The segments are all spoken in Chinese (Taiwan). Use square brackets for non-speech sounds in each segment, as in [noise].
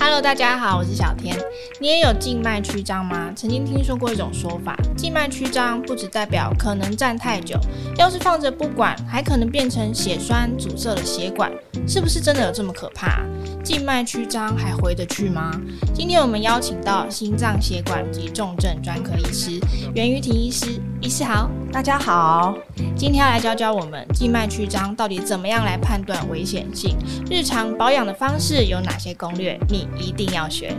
Hello，大家好，我是小天。你也有靜脈曲張嗎？曾經聽說過一種說法，靜脈曲張不只代表可能站太久，要是放着不管，還可能變成血栓阻塞了血管，是不是真的有這麼可怕？靜脈曲張還回得去嗎？今天我們邀請到心臟血管及重症專科醫師袁於婷醫師。醫師好，大家好，今天要來教教我們靜脈曲張到底怎麼樣來判斷危險性，日常保養的方式有哪些攻略，你一定要學。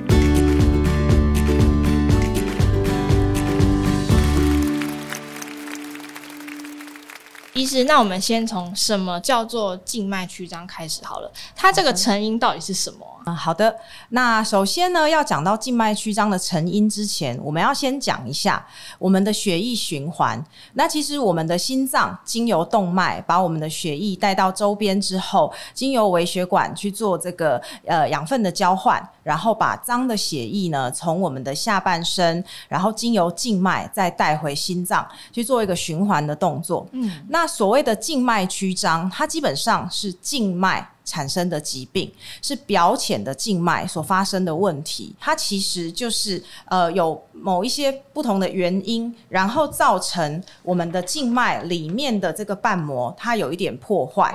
醫師，那我們先從什麼叫做靜脈曲張開始好了？它這個成因到底是什麼啊？好，嗯，好的，那首先呢，要講到靜脈曲張的成因之前，我們要先講一下我們的血液循環。那其實我們的心臟經由動脈把我們的血液帶到周邊之後，經由微血管去做這個呃養分的交換。然後把髒的血液呢，從我們的下半身，然後經由靜脈再帶回心臟去做一個循環的動作。嗯，那所謂的靜脈曲張，它基本上是靜脈產生的疾病，是表淺的靜脈所發生的問題。它其實就是呃，有某一些不同的原因，然後造成我們的靜脈裡面的這個瓣膜，它有一點破壞。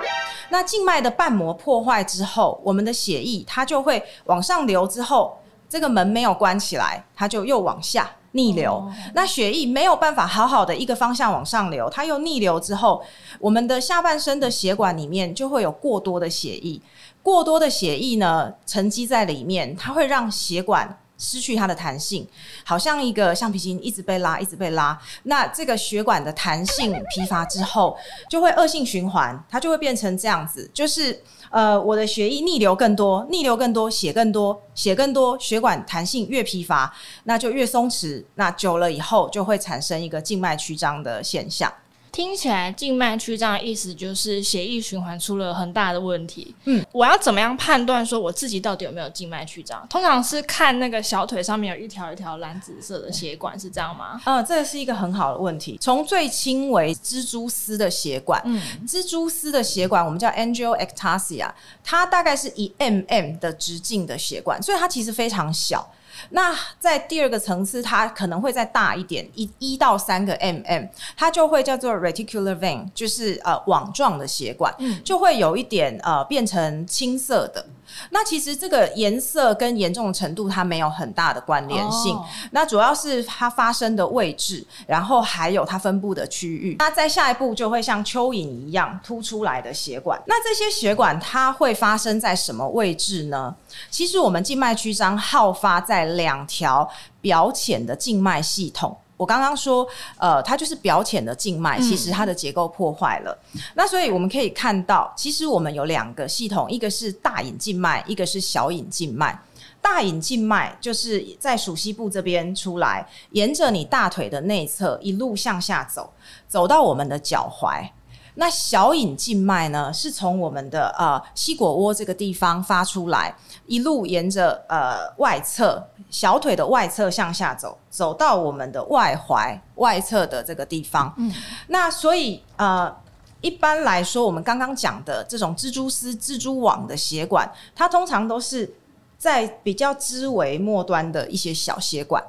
那靜脈的瓣膜破壞之後，我們的血液它就會往上流，之後這個門沒有關起來，它就又往下逆流。哦。那血液沒有辦法好好的一個方向往上流，它又逆流之後，我們的下半身的血管裡面就會有過多的血液，過多的血液呢沉積在裡面，它會讓血管。失去它的彈性，好像一個橡皮筋一直被拉，一直被拉。那這個血管的彈性疲乏之後，就會惡性循環，它就會變成這樣子，就是呃，我的血液逆流更多，逆流更多，血更多，血更多，血管彈性越疲乏，那就越鬆弛。那久了以後，就會產生一個靜脈曲張的現象。聽起來靜脈曲張的意思就是血液循環出了很大的問題。嗯，我要怎麼樣判斷說我自己到底有沒有靜脈曲張、嗯？通常是看那個小腿上面有一條一條藍紫色的血管，是這樣嗎？嗯、呃，這是一個很好的問題。從最輕微蜘蛛絲的血管，嗯，蜘蛛絲的血管我們叫 angiectasia，它大概是一 mm 的直徑的血管，所以它其實非常小。那在第二個層次，它可能會再大一點，一一到三個 mm，它就會叫做 reticular vein，就是呃網狀的血管、嗯，就會有一點呃變成青色的。那其實這個顏色跟嚴重程度它沒有很大的關聯性，oh. 那主要是它發生的位置，然後還有它分布的區域。那在下一步就會像蚯蚓一樣凸出來的血管，那這些血管它會發生在什麼位置呢？其實我們靜脈曲張好發在兩條表淺的靜脈系統。我剛剛說，呃，它就是表淺的靜脈，其實它的結構破壞了、嗯。那所以我們可以看到，其實我們有兩個系統，一個是大隱靜脈，一個是小隱靜脈。大隱靜脈就是在鼠蹊部這邊出來，沿着你大腿的內側一路向下走，走到我們的腳踝。那小隱靜脈呢，是從我們的呃膝膕窩這個地方發出來，一路沿着呃外側小腿的外側向下走，走到我們的外踝外側的這個地方。嗯。那所以呃一般來說，我們剛剛講的這種蜘蛛絲、蜘蛛網的血管，它通常都是。在比較枝微末端的一些小血管，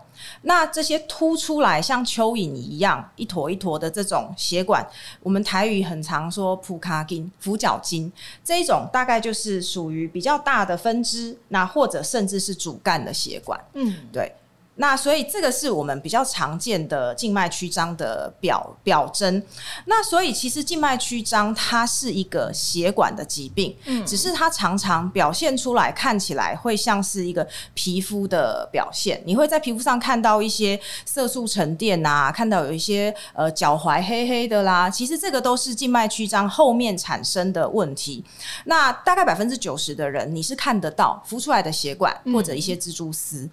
那這些凸出來像蚯蚓一樣一坨一坨的這種血管，我們台語很常說普卡筋、浮腳筋這一種大概就是屬於比較大的分支，那或者甚至是主幹的血管。嗯，對。那所以這個是我們比較常見的靜脈曲張的表表徵。那所以其實靜脈曲張它是一個血管的疾病，嗯，只是它常常表現出來看起來會像是一個皮膚的表現。你會在皮膚上看到一些色素沉澱吶、啊，看到有一些呃腳踝黑，黑黑的啦。其實這個都是靜脈曲張後面產生的問題。那大概百分之九十的人你是看得到浮出來的血管或者一些蜘蛛絲。嗯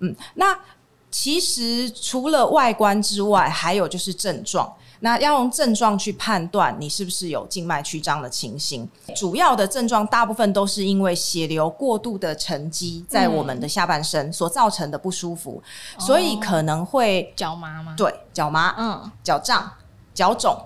嗯，那其實除了外觀之外，還有就是症狀。那要用症狀去判斷你是不是有靜脈曲張的情形。主要的症狀大部分都是因為血流過度的沉積在我們的下半身所造成的不舒服，嗯、所以可能會、哦、腳麻嗎？對，腳麻，嗯，腳脹、腳腫、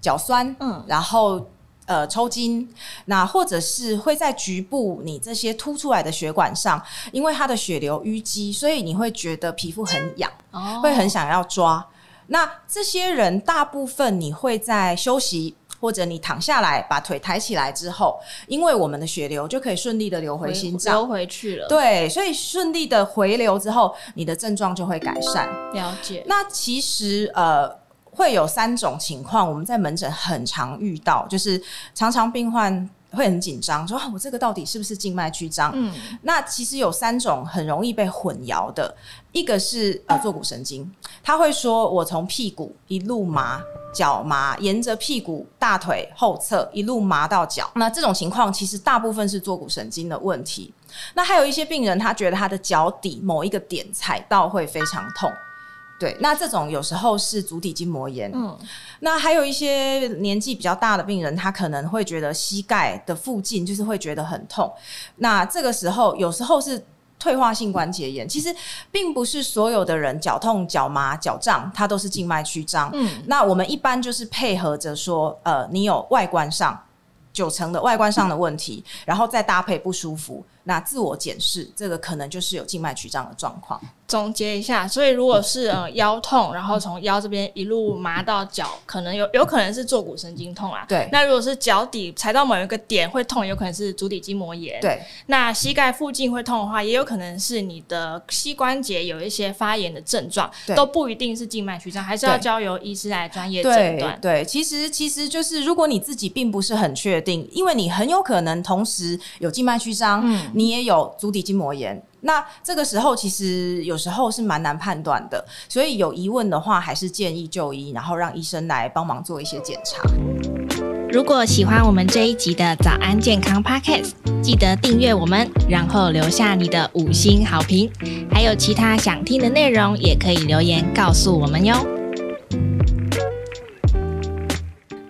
腳酸，嗯，然後。呃，抽筋，那或者是會在局部你這些凸出來的血管上，因為它的血流淤積，所以你會覺得皮膚很癢，oh. 會很想要抓。那這些人大部分你會在休息或者你躺下來把腿抬起來之後，因為我們的血流就可以順利的流回心臟，流回，回去了。對，所以順利的回流之後，你的症狀就會改善。了解。那其實呃。會有三種情況，我們在門診很常遇到，就是常常病患會很緊張，說我這個到底是不是靜脈曲張？嗯，那其實有三種很容易被混淆的，一個是呃坐骨神經，他會說我從屁股一路麻，腳麻，沿着屁股大腿後側一路麻到腳，那這種情況其實大部分是坐骨神經的問題。那還有一些病人，他覺得他的腳底某一個點踩到會非常痛。對，那這種有時候是足底筋膜炎。嗯，那還有一些年紀比較大的病人，他可能會覺得膝蓋的附近就是會覺得很痛。那這個時候有時候是退化性關節炎。嗯。其實並不是所有的人腳痛、腳麻、腳脹，它都是靜脈曲張。嗯，那我們一般就是配合着說，呃，你有外觀上九成的外觀上的問題。嗯，然後再搭配不舒服，那自我檢視這個可能就是有靜脈曲張的狀況。總結一下，所以如果是呃、嗯、腰痛，然後從腰這邊一路麻到腳，可能有有可能是坐骨神經痛啊。對。那如果是腳底踩到某一個點會痛，有可能是足底筋膜炎。對。那膝蓋附近會痛的話，也有可能是你的膝關節有一些發炎的症狀。對。都不一定是靜脈曲張，還是要交由醫師來專業診斷。對。對。其實其實就是，如果你自己並不是很確定，因為你很有可能同時有靜脈曲張，嗯，你也有足底筋膜炎。那這個時候其實有時候是蠻難判斷的，所以有疑問的話，還是建議就醫，然後讓醫生來幫忙做一些檢查。如果喜歡我們這一集的早安健康 Podcast，記得訂閱我們，然後留下你的五星好評。還有其他想聽的內容，也可以留言告訴我們喲。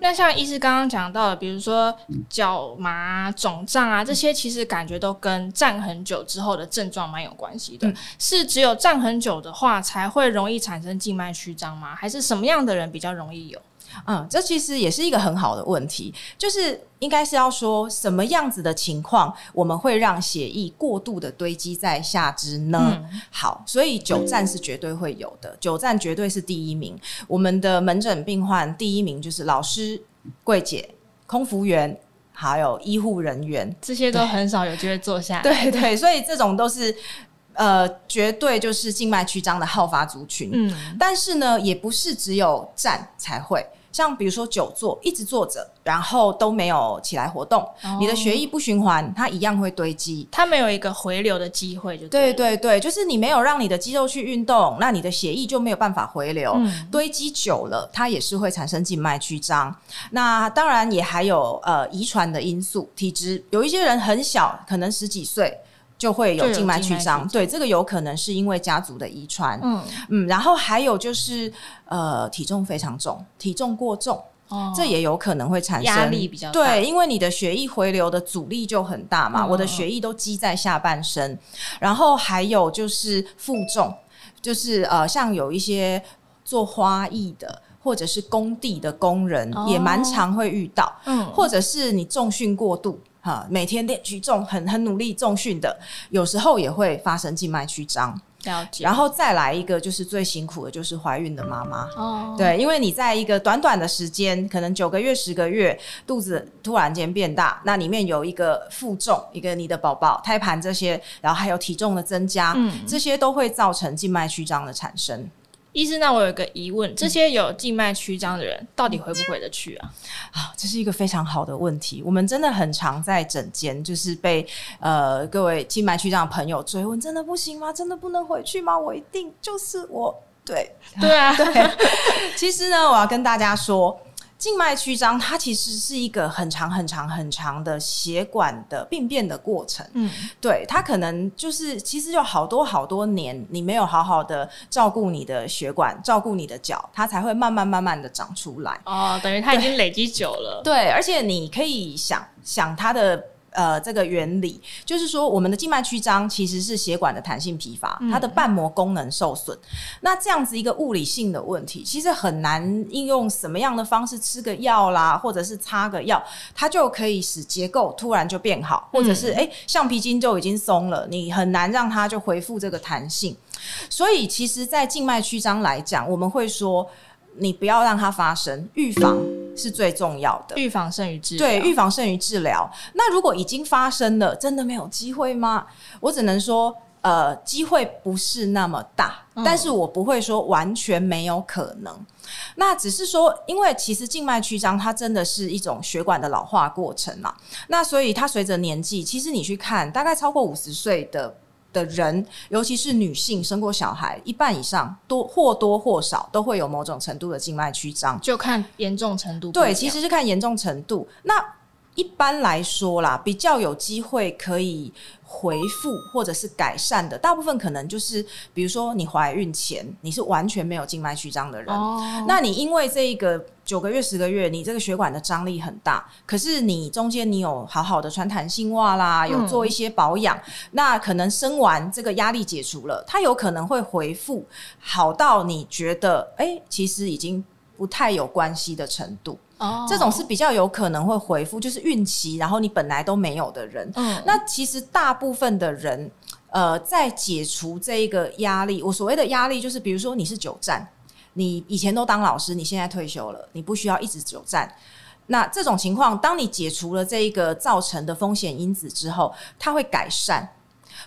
那像醫師剛剛講到的，比如說腳麻啊、腫脹啊，這些其實感覺都跟站很久之後的症狀蠻有關係的。嗯。是只有站很久的話才會容易產生靜脈曲張嗎？還是什麼樣的人比較容易有？嗯，這其實也是一個很好的問題，就是應該是要說什麼樣子的情況，我們會讓血液過度的堆積在下肢呢？嗯、好，所以久站是絕對會有的、嗯，久站絕對是第一名。我們的門診病患第一名就是老師、櫃姐、空服員，還有醫護人員，這些都很少有機會坐下。對對，對，所以這種都是呃，絕對就是靜脈曲張的好發族群。嗯，但是呢，也不是只有站才會。像比如說久坐，一直坐着，然後都沒有起來活動，哦、你的血液不循環，它一樣會堆積，它沒有一個回流的機會就對。對對對，就是你沒有讓你的肌肉去運動，那你的血液就沒有辦法回流，嗯、堆積久了，它也是會產生靜脈曲張。那當然也還有呃遺傳的因素、體質，有一些人很小，可能十幾歲。就會有靜脈曲張，對，這個有可能是因為家族的遺傳，嗯嗯，然後還有就是呃體重非常重，體重過重，哦、這也有可能會產生壓力比較大，對，因為你的血液回流的阻力就很大嘛，嗯、哦哦我的血液都積在下半身，然後還有就是負重，就是呃像有一些做花藝的或者是工地的工人、哦、也蠻常會遇到，嗯，或者是你重訓過度。哈，每天練舉重，很很努力重訓的，有時候也會發生靜脈曲張。了解。然後再來一個就是最辛苦的，就是懷孕的媽媽。哦，對，因為你在一個短短的時間，可能九個月、十個月，肚子突然間變大，那裡面有一個負重，一個你的寶寶、胎盤這些，然後還有體重的增加，嗯，這些都會造成靜脈曲張的產生。醫生，那我有一個疑問：這些有靜脈曲張的人，到底回不回得去啊？啊，這是一個非常好的問題。我們真的很常在診間，就是被呃各位靜脈曲張的朋友追問：真的不行嗎？真的不能回去嗎？我一定就是我，對對啊， [laughs] 對。其實呢，我要跟大家說。靜脈曲張，它其實是一個很長很長很長的血管的病變的過程。嗯，對，它可能就是其實有好多好多年，你沒有好好的照顧你的血管，照顧你的腳，它才會慢慢慢慢的長出來。哦，等於它已經累積久了。對，對，而且你可以想想它的。呃，這個原理就是說，我們的靜脈曲張其實是血管的彈性疲乏，它的瓣膜功能受損。嗯。那這樣子一個物理性的問題，其實很難應用什麼樣的方式吃個藥啦，或者是擦個藥，它就可以使結構突然就變好，或者是誒、欸，橡皮筋就已經鬆了，你很難讓它就回復這個彈性。所以，其實，在靜脈曲張來講，我們會說，你不要讓它發生，預防。嗯。是最重要的，預防勝於治療。對，預防勝於治療。那如果已經發生了，真的沒有機會嗎？我只能說，呃，機會不是那麼大，嗯，但是我不會說完全沒有可能。那只是說，因為其實靜脈曲張它真的是一種血管的老化過程啊。那所以它隨着年紀，其實你去看，大概超過五十歲的。的人，尤其是女性，生過小孩，一半以上多或多或少都會有某種程度的靜脈曲張，就看嚴重程度。對，其實是看嚴重程度。那。一般來說啦，比較有機會可以回復或者是改善的，大部分可能就是比如說你懷孕前你是完全沒有靜脈曲張的人，oh. 那你因為這一個九個月十個月，你這個血管的張力很大，可是你中間你有好好的穿彈性襪啦，有做一些保養、嗯，那可能生完這個壓力解除了，它有可能會回復好到你覺得哎、欸，其實已經不太有關係的程度。Oh. 這種是比較有可能會回復，就是孕期，然後你本來都沒有的人。嗯，那其實大部分的人，呃，在解除這一個壓力，我所謂的壓力就是，比如說你是久站，你以前都當老師，你現在退休了，你不需要一直久站。那這種情況，當你解除了這一個造成的風險因子之後，它會改善，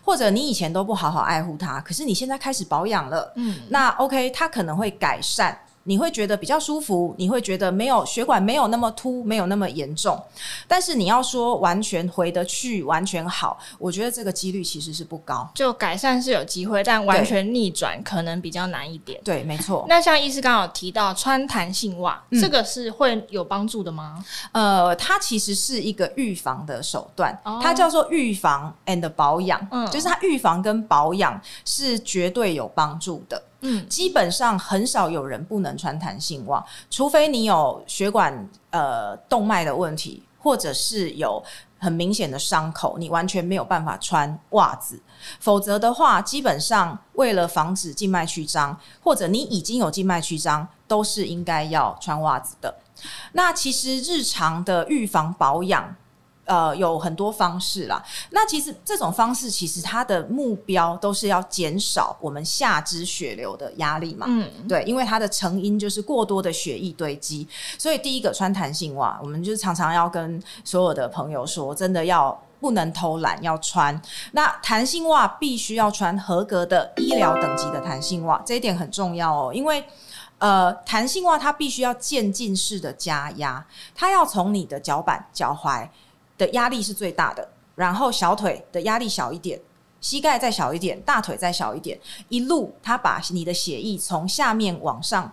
或者你以前都不好好愛護它，可是你現在開始保養了，嗯，那 OK，它可能會改善。你會覺得比較舒服，你會覺得沒有血管沒有那麼凸，沒有那麼嚴重。但是你要說完全回得去，完全好，我覺得這個幾率其實是不高。就改善是有機會，但完全逆轉可能比較難一點。對，沒錯。那像醫師剛剛有提到穿彈性襪、嗯，這個是會有幫助的嗎？呃，它其實是一個預防的手段，它叫做預防 and 保養，哦、嗯，就是它預防跟保養是絕對有幫助的。嗯，基本上很少有人不能穿彈性襪，除非你有血管，呃，動脈的問題，或者是有很明顯的傷口，你完全沒有辦法穿襪子。否則的話，基本上為了防止靜脈曲張，或者你已經有靜脈曲張，都是應該要穿襪子的。那其實日常的預防保養。呃，有很多方式啦。那其實這種方式，其實它的目標都是要減少我們下肢血流的壓力嘛。嗯，對，因為它的成因就是過多的血液堆積，所以第一個穿彈性襪，我們就是常常要跟所有的朋友說，真的要不能偷懶，要穿。那彈性襪必須要穿合格的醫療等級的彈性襪，這一點很重要哦。因為呃，彈性襪它必須要漸進式的加壓，它要從你的腳板、腳踝，的壓力是最大的，然後小腿的壓力小一點，膝蓋再小一點，大腿再小一點，一路它把你的血液從下面往上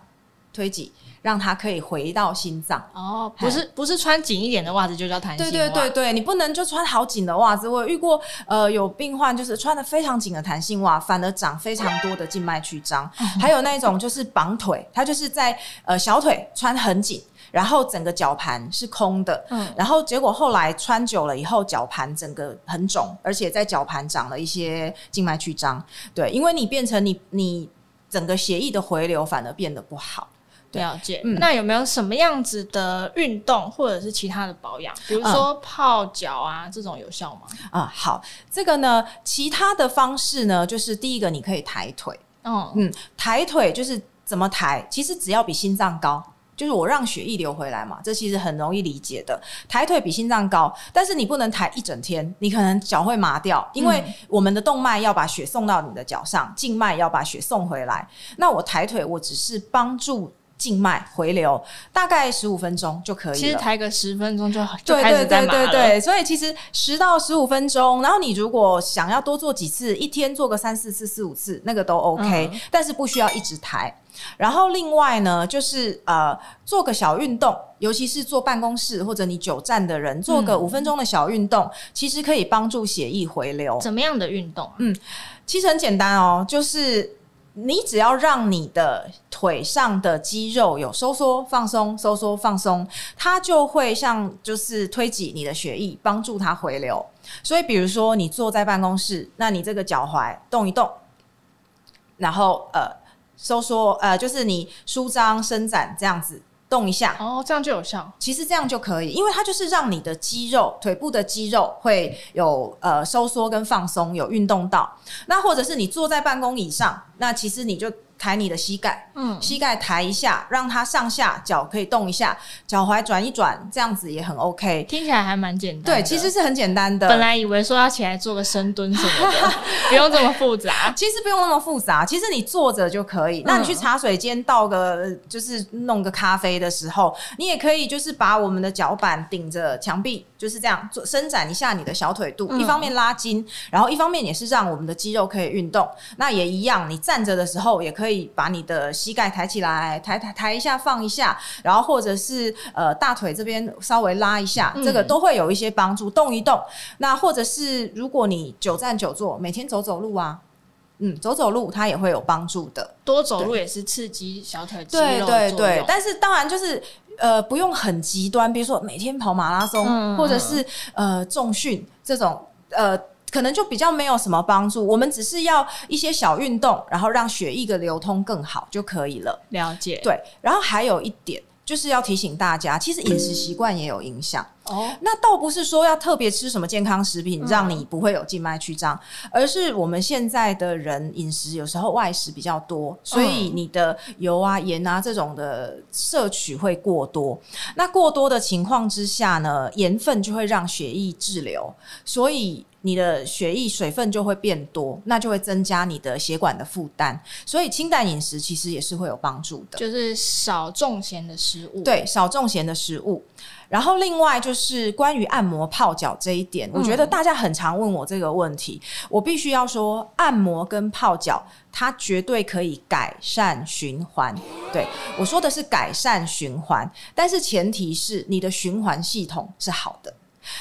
推擠，讓它可以回到心臟。哦、oh, okay，不是不是穿緊一點的襪子就叫彈性襪？對對對對，你不能就穿好緊的襪子。我遇過呃有病患就是穿的非常緊的彈性襪，反而長非常多的靜脈曲張。 [laughs] 還有那一種就是綁腿，它就是在呃小腿穿很緊。然後整個腳盤是空的，嗯，然後結果後來穿久了以後，腳盤整個很腫，而且在腳盤長了一些靜脈曲張，對，因為你變成你你整個血液的回流反而變得不好。對，了解，嗯，那有沒有什麼樣子的運動或者是其他的保養，比如說泡腳啊、嗯、這種有效嗎？啊、嗯嗯，好，這個呢，其他的方式呢，就是第一個你可以抬腿，嗯嗯，抬腿就是怎麼抬，其實只要比心臟高。就是我讓血液流回來嘛，這其實很容易理解的。抬腿比心臟高，但是你不能抬一整天，你可能腳會麻掉，因為我們的動脈要把血送到你的腳上，靜脈要把血送回來。那我抬腿，我只是幫助。靜脈回流大概十五分鐘就可以了，其實抬個十分鐘就就開始了。對對對對對，所以其實十到十五分鐘，然後你如果想要多做幾次，一天做個三四次、四五次，那個都 OK，嗯、但是不需要一直抬。然後另外呢，就是呃，做個小運動，尤其是坐辦公室或者你久站的人，做個五分鐘的小運動，嗯，其實可以幫助血液回流。怎麼樣的運動？嗯，其實很簡單哦，喔，就是。你只要讓你的腿上的肌肉有收縮、放鬆、收縮、放鬆，它就會像就是推擠你的血液，幫助它回流。所以，比如說你坐在辦公室，那你這個腳踝動一動，然後呃收縮呃就是你舒張伸展這樣子。動一下哦，這樣就有效。其實這樣就可以，因為它就是讓你的肌肉、腿部的肌肉會有呃收縮跟放鬆，有運動到。那或者是你坐在辦公椅上，那其實你就。抬你的膝蓋，嗯，膝蓋抬一下，讓它上下腳可以動一下，腳踝轉一轉，這樣子也很 OK。聽起來還蠻簡單，對，其實是很簡單的。本來以為說要起來做個深蹲什麼的， [laughs] 不用這麼複雜。其實不用那麼複雜，其實你坐着就可以，嗯。那你去茶水間倒個，就是弄個咖啡的時候，你也可以就是把我們的腳板頂着牆壁，就是這樣做伸展一下你的小腿肚，嗯，一方面拉筋，然後一方面也是讓我們的肌肉可以運動。那也一樣，你站着的時候也可以。可以把你的膝蓋抬起來，抬抬抬一下，放一下，然後或者是呃大腿這邊稍微拉一下，嗯，這個都會有一些幫助，動一動。那或者是如果你久站久坐，每天走走路啊，嗯，走走路它也會有幫助的，多走路也是刺激小腿肌肉對。對對對，但是當然就是呃不用很極端，比如說每天跑馬拉松，嗯，或者是呃重訓這種呃。可能就比較沒有什麼幫助，我們只是要一些小運動，然後讓血液的流通更好就可以了。了解，對。然後還有一點，就是要提醒大家，其實飲食習慣也有影響。哦，那倒不是說要特別吃什麼健康食品，讓你不會有靜脈曲張，嗯，而是我們現在的人飲食有時候外食比較多，所以你的油啊、鹽啊這種的攝取會過多。那過多的情況之下呢，鹽分就會讓血液滯留，所以。你的血液水分就會變多，那就會增加你的血管的負擔，所以清淡飲食其實也是會有幫助的，就是少重鹹的食物。對，少重鹹的食物。然後另外就是關於按摩泡腳這一點，嗯，我覺得大家很常問我這個問題，我必須要說，按摩跟泡腳它絕對可以改善循環。對，我說的是改善循環，但是前提是你的循環系統是好的。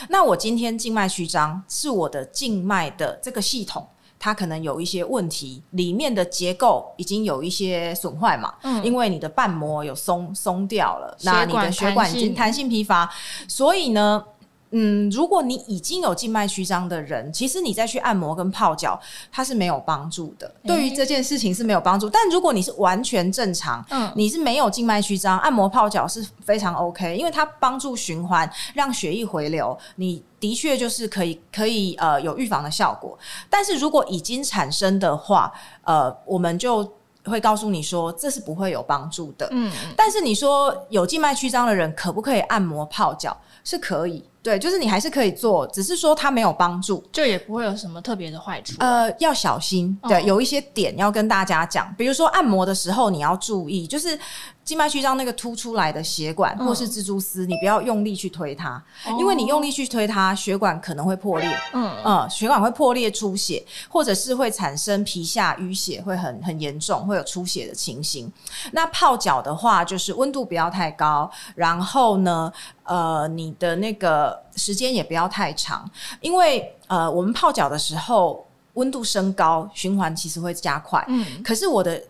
那我今天靜脈曲張，是我的靜脈的這個系統，它可能有一些問題，裡面的結構已經有一些損壞嘛？嗯，因為你的瓣膜有鬆鬆掉了，那你的血管已經彈性疲乏，嗯、疲乏，所以呢，嗯，如果你已經有靜脈曲張的人，其實你再去按摩跟泡腳，它是沒有幫助的。欸、對於這件事情是沒有幫助。但如果你是完全正常，嗯，你是沒有靜脈曲張，按摩泡腳是非常 OK，因為它幫助循環，讓血液回流，你的確就是可以可以呃有預防的效果。但是如果已經產生的話，呃，我們就會告訴你說這是不會有幫助的。嗯，但是你說有靜脈曲張的人可不可以按摩泡腳？是可以。對，就是你還是可以做，只是說它沒有幫助，就也不會有什麼特別的壞處。呃，要小心，對，嗯、有一些點要跟大家講。比如說按摩的時候，你要注意，就是靜脈曲張那個凸出來的血管，嗯、或是蜘蛛絲，你不要用力去推它，嗯，因為你用力去推它，血管可能會破裂。嗯嗯，血管會破裂出血，或者是會產生皮下淤血，會很很嚴重，會有出血的情形。那泡腳的話，就是溫度不要太高，然後呢。呃，你的那個時間也不要太長，因為呃，我們泡腳的時候溫度升高，循環其實會加快。嗯。可是我的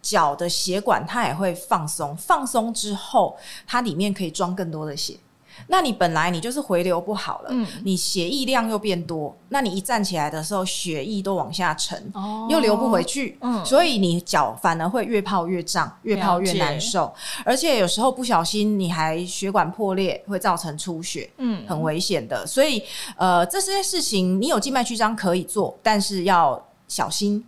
腳的血管它也會放鬆，放鬆之後它裡面可以裝更多的血。那你本來你就是回流不好了，嗯，你血液量又變多，那你一站起來的時候血液都往下沉，哦，又流不回去，嗯，所以你腳反而會越泡越脹，越泡越難受，而且有時候不小心你還血管破裂，會造成出血，嗯，很危險的。所以呃，這些事情你有靜脈曲張可以做，但是要小心。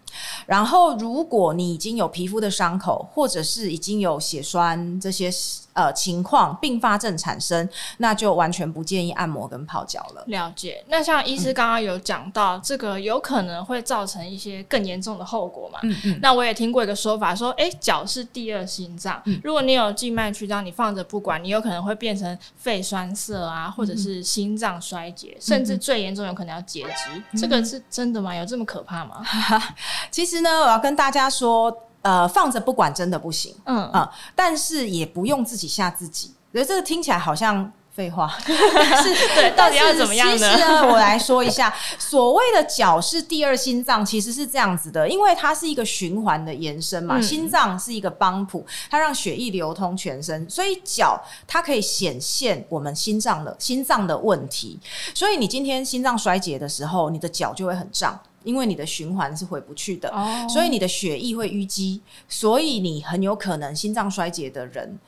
然後如果你已經有皮膚的傷口，或者是已經有血栓這些。呃，情況併發症產生，那就完全不建議按摩跟泡腳了。了解。那像醫師剛剛有講到，嗯，這個有可能會造成一些更嚴重的後果嘛？嗯，嗯。那我也聽過一個說法說，說、欸、哎，腳是第二心臟，嗯。如果你有靜脈曲張，你放着不管，你有可能會變成肺栓塞啊，或者是心臟衰竭，嗯，甚至最嚴重有可能要截肢，嗯。這個是真的嗎？有這麼可怕嗎？其實呢，我要跟大家說。呃，放着不管真的不行。嗯啊、呃，但是也不用自己嚇自己。覺得這個聽起來好像廢話， [laughs] 是 [laughs] 對是？到底要怎麼樣呢？其實呢，我來說一下， [laughs] 所謂的腳是第二心臟，其實是這樣子的，因為它是一個循環的延伸嘛。嗯、心臟是一個幫浦，它讓血液流通全身，所以腳它可以顯現我們心臟的心臟的問題。所以你今天心臟衰竭的時候，你的腳就會很脹。因為你的循環是回不去的，oh. 所以你的血液會淤積，所以你很有可能心臟衰竭的人，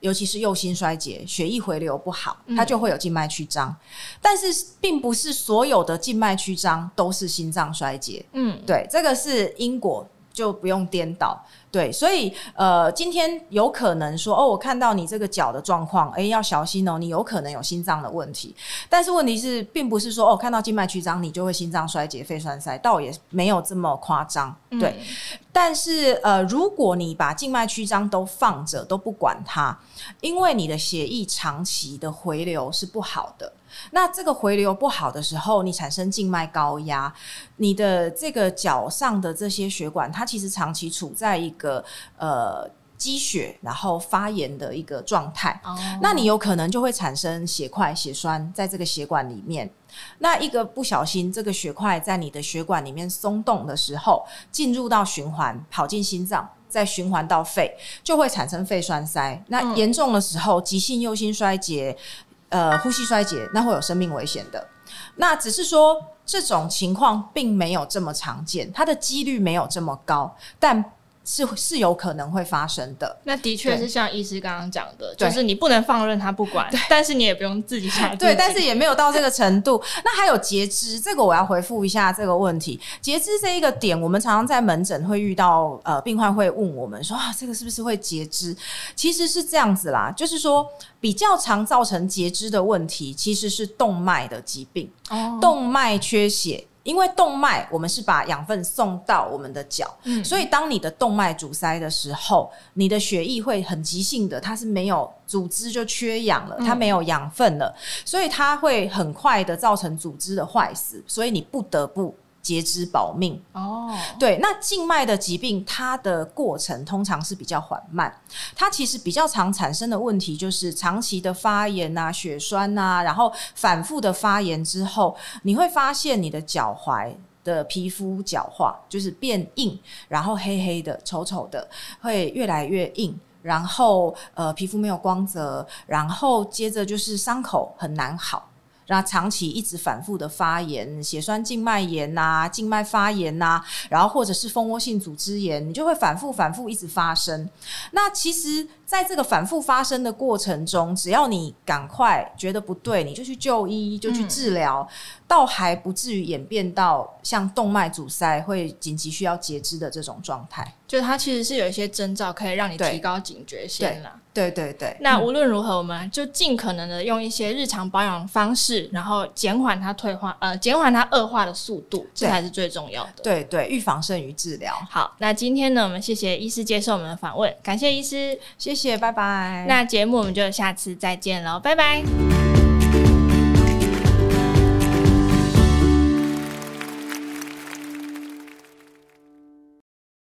尤其是右心衰竭，血液回流不好，它就會有靜脈曲張。嗯。但是並不是所有的靜脈曲張都是心臟衰竭，嗯，對，這個是因果，就不用顛倒。對，所以呃，今天有可能說哦，我看到你這個腳的狀況，誒，要小心哦，你有可能有心臟的問題。但是問題是，並不是說哦，看到靜脈曲張你就會心臟衰竭、肺栓塞，倒也沒有這麼誇張。對，嗯、但是呃，如果你把靜脈曲張都放着都不管它，因為你的血液長期的回流是不好的。那這個回流不好的時候，你產生靜脈高壓，你的這個腳上的這些血管，它其實長期處在一個呃積血然後發炎的一個狀態。哦、oh.，那你有可能就會產生血塊、血栓在這個血管裡面。那一個不小心，這個血塊在你的血管裡面鬆動的時候，進入到循環，跑進心臟，再循環到肺，就會產生肺栓塞。那嚴重的時候，急性右心衰竭。呃，呼吸衰竭，那會有生命危險的。那只是說這種情況並沒有這麼常見，它的機率沒有這麼高，但是是有可能會發生的，那的確是像醫師剛剛講的，就是你不能放任他不管，但是你也不用自己查。對，但是也沒有到這個程度。那還有截肢，這個我要回復一下這個問題。截肢這一個點，我們常常在門診會遇到，呃，病患會問我們說啊，這個是不是會截肢？其實是這樣子啦，就是說比較常造成截肢的問題，其實是動脈的疾病，哦、動脈缺血。因為動脈，我們是把養分送到我們的腳，嗯，所以當你的動脈阻塞的時候，你的血液會很急性的，它是沒有組織就缺氧了，嗯，它沒有養分了，所以它會很快的造成組織的壞死，所以你不得不。截肢保命哦、oh，對，那靜脈的疾病，它的過程通常是比較緩慢。它其實比較常產生的問題就是長期的發炎啊，血栓啊，然後反覆的發炎之後，你會發現你的腳踝的皮膚角化，就是變硬，然後黑黑的、醜醜的，會越來越硬，然後呃皮膚沒有光澤，然後接着就是傷口很難好。那長期一直反復的發炎，血栓靜脈炎吶、啊，靜脈發炎吶、啊，然後或者是蜂窩性組織炎，你就會反覆反覆一直發生。那其實在這個反覆發生的過程中，只要你趕快覺得不對，你就去就醫，就去治療、嗯，倒還不至於演變到像動脈阻塞會緊急需要截肢的這種狀態。就它其實是有一些徵兆，可以讓你提高警覺性啦、啊。對對對，那無論如何，嗯，我們就盡可能的用一些日常保養方式，然後減緩它退化，呃，減緩它惡化的速度，這才是最重要的。對對對，預防勝於治療。好，那今天呢，我們謝謝醫師接受我們的訪問，感謝醫師，謝謝，拜拜。那節目我們就下次再見嘍，拜拜。